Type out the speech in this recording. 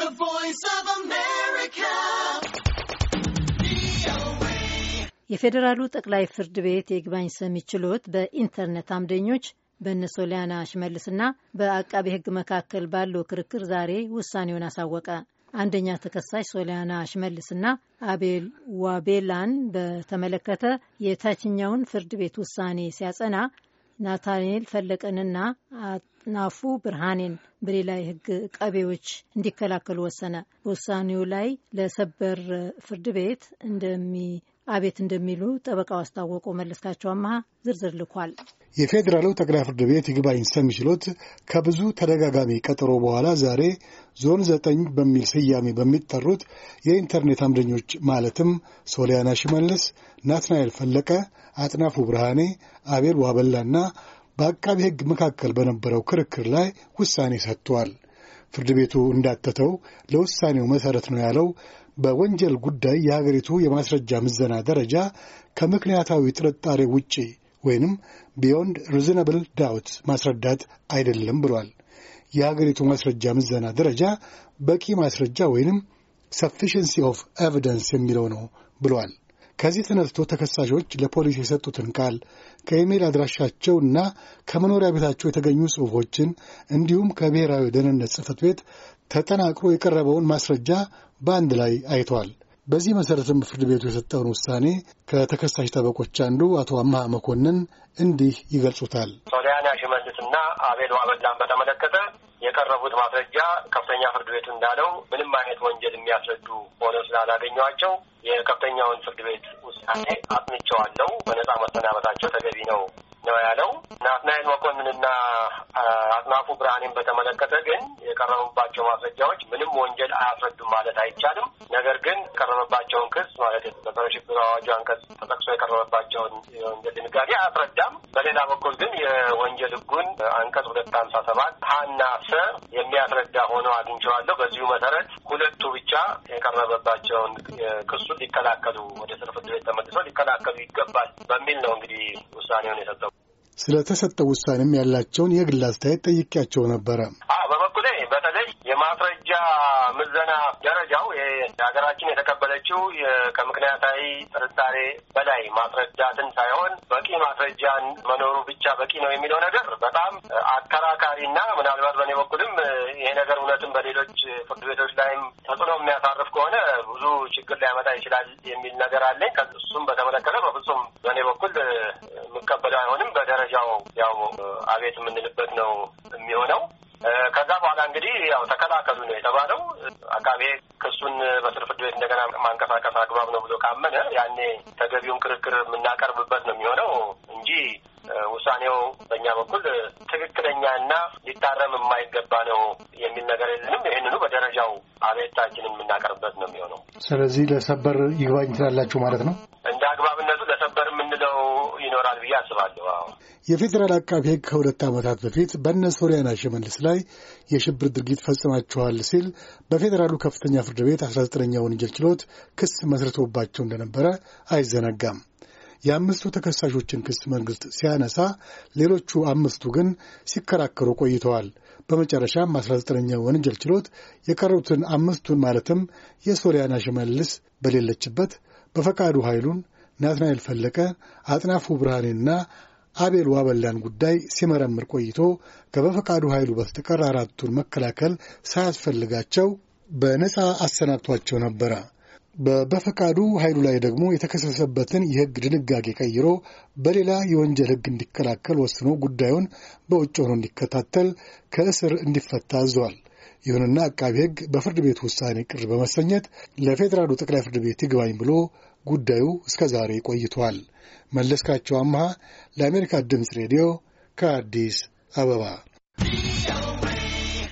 The Voice of America. የፌዴራሉ ጠቅላይ ፍርድ ቤት የይግባኝ ሰሚ ችሎት በኢንተርኔት አምደኞች በእነ ሶሊያና ሽመልስና በአቃቤ ሕግ መካከል ባለው ክርክር ዛሬ ውሳኔውን አሳወቀ። አንደኛ ተከሳሽ ሶሊያና ሽመልስና አቤል ዋቤላን በተመለከተ የታችኛውን ፍርድ ቤት ውሳኔ ሲያጸና ናታንኤል ፈለቀንና አጥናፉ ብርሃኔን በሌላ የህግ ቀቤዎች እንዲከላከሉ ወሰነ። በውሳኔው ላይ ለሰበር ፍርድ ቤት እንደሚ አቤት እንደሚሉ ጠበቃው አስታወቁ። መለስካቸው አመሃ ዝርዝር ልኳል። የፌዴራሉ ጠቅላይ ፍርድ ቤት ይግባኝ ሰሚ ችሎት ከብዙ ተደጋጋሚ ቀጠሮ በኋላ ዛሬ ዞን ዘጠኝ በሚል ስያሜ በሚጠሩት የኢንተርኔት አምደኞች ማለትም ሶሊያና ሽመልስ፣ ናትናኤል ፈለቀ፣ አጥናፉ ብርሃኔ፣ አቤል ዋበላና በአቃቢ ሕግ መካከል በነበረው ክርክር ላይ ውሳኔ ሰጥቷል። ፍርድ ቤቱ እንዳተተው ለውሳኔው መሠረት ነው ያለው በወንጀል ጉዳይ የሀገሪቱ የማስረጃ ምዘና ደረጃ ከምክንያታዊ ጥርጣሬ ውጪ ወይንም ቢዮንድ ሪዝነብል ዳውት ማስረዳት አይደለም ብሏል። የሀገሪቱ ማስረጃ ምዘና ደረጃ በቂ ማስረጃ ወይንም ሰፊሽንሲ ኦፍ ኤቪደንስ የሚለው ነው ብሏል። ከዚህ ተነስቶ ተከሳሾች ለፖሊስ የሰጡትን ቃል ከኢሜይል እና ከመኖሪያ ቤታቸው የተገኙ ጽሑፎችን እንዲሁም ከብሔራዊ ደህንነት ጽሕፈት ቤት ተጠናቅሮ የቀረበውን ማስረጃ በአንድ ላይ አይተዋል። በዚህ መሠረትም ፍርድ ቤቱ የሰጠውን ውሳኔ ከተከሳሽ ጠበቆች አንዱ አቶ አምሃ መኮንን እንዲህ ይገልጹታል። ሶሊያና ሽመልስና አቤል ዋበላን በተመለከተ የቀረቡት ማስረጃ ከፍተኛ ፍርድ ቤቱ እንዳለው ምንም አይነት ወንጀል የሚያስረዱ ሆነው ስላላገኘዋቸው የከፍተኛውን ፍርድ ቤት ውሳኔ አጥንቸዋለሁ፣ በነጻ መሰናበታቸው ተገቢ ነው ነው ያለው። ናትናኤል መኮንንና አቶ ብርሃኔን በተመለከተ ግን የቀረበባቸው ማስረጃዎች ምንም ወንጀል አያስረዱም ማለት አይቻልም። ነገር ግን የቀረበባቸውን ክስ ማለት በጸረ ሽብር አዋጁ አንቀጽ ተጠቅሶ የቀረበባቸውን የወንጀል ድንጋጌ አያስረዳም። በሌላ በኩል ግን የወንጀል ህጉን አንቀጽ ሁለት ሀምሳ ሰባት ሀና ሰ የሚያስረዳ ሆነው አግኝቸዋለሁ። በዚሁ መሰረት ሁለቱ ብቻ የቀረበባቸውን ክሱን ሊከላከሉ ወደ ስር ፍርድ ቤት ተመልሰው ሊከላከሉ ይገባል በሚል ነው እንግዲህ ውሳኔውን የሰጠው። ስለተሰጠው ውሳኔም ያላቸውን የግል አስተያየት ጠይቄያቸው ነበረ። በተለይ የማስረጃ ምዘና ደረጃው የሀገራችን የተቀበለችው ከምክንያታዊ ጥርጣሬ በላይ ማስረዳትን ሳይሆን በቂ ማስረጃን መኖሩ ብቻ በቂ ነው የሚለው ነገር በጣም አከራካሪና ምናልባት በእኔ በኩልም ይሄ ነገር እውነትም በሌሎች ፍርድ ቤቶች ላይም ተጽዕኖ የሚያሳርፍ ከሆነ ብዙ ችግር ሊያመጣ ይችላል የሚል ነገር አለኝ። ከእሱም በተመለከተ በፍጹም በእኔ በኩል የምቀበለው አይሆንም። በደረጃው ያው አቤት የምንልበት ነው የሚሆነው። ከዛ በኋላ እንግዲህ ያው ተከላከሉ ነው የተባለው። አቃቤ ክሱን በስር ፍርድ ቤት እንደገና ማንቀሳቀስ አግባብ ነው ብሎ ካመነ ያኔ ተገቢውን ክርክር የምናቀርብበት ነው የሚሆነው እንጂ ውሳኔው በእኛ በኩል ትክክለኛና ሊታረም የማይገባ ነው የሚል ነገር የለንም። ይህንኑ በደረጃው አቤታችንን የምናቀርብበት ነው የሚሆነው። ስለዚህ ለሰበር ይግባኝ ትላላችሁ ማለት ነው? ይኖራል ብዬ አስባለሁ። የፌዴራል አቃቢ ሕግ ከሁለት ዓመታት በፊት በእነ ሶሊያና ሽመልስ ላይ የሽብር ድርጊት ፈጽማችኋል ሲል በፌዴራሉ ከፍተኛ ፍርድ ቤት አስራ ዘጠነኛ ወንጀል ችሎት ክስ መስርቶባቸው እንደነበረ አይዘነጋም። የአምስቱ ተከሳሾችን ክስ መንግስት ሲያነሳ ሌሎቹ አምስቱ ግን ሲከራከሩ ቆይተዋል። በመጨረሻም አስራ ዘጠነኛ ወንጀል ችሎት የቀሩትን አምስቱን ማለትም የሶሊያና ሽመልስ በሌለችበት በፈቃዱ ኃይሉን ናትናኤል ፈለቀ፣ አጥናፉ ብርሃኔና አቤል ዋበላን ጉዳይ ሲመረምር ቆይቶ ከበፈቃዱ ኃይሉ በስተቀር አራቱን መከላከል ሳያስፈልጋቸው በነፃ አሰናብቷቸው ነበረ። በበፈቃዱ ኃይሉ ላይ ደግሞ የተከሰሰበትን የሕግ ድንጋጌ ቀይሮ በሌላ የወንጀል ሕግ እንዲከላከል ወስኖ ጉዳዩን በውጭ ሆኖ እንዲከታተል ከእስር እንዲፈታ አዟል። ይሁንና አቃቢ ሕግ በፍርድ ቤት ውሳኔ ቅር በመሰኘት ለፌዴራሉ ጠቅላይ ፍርድ ቤት ይግባኝ ብሎ ጉዳዩ እስከ ዛሬ ቆይቷል። መለስካቸው አምሃ ለአሜሪካ ድምፅ ሬዲዮ ከአዲስ አበባ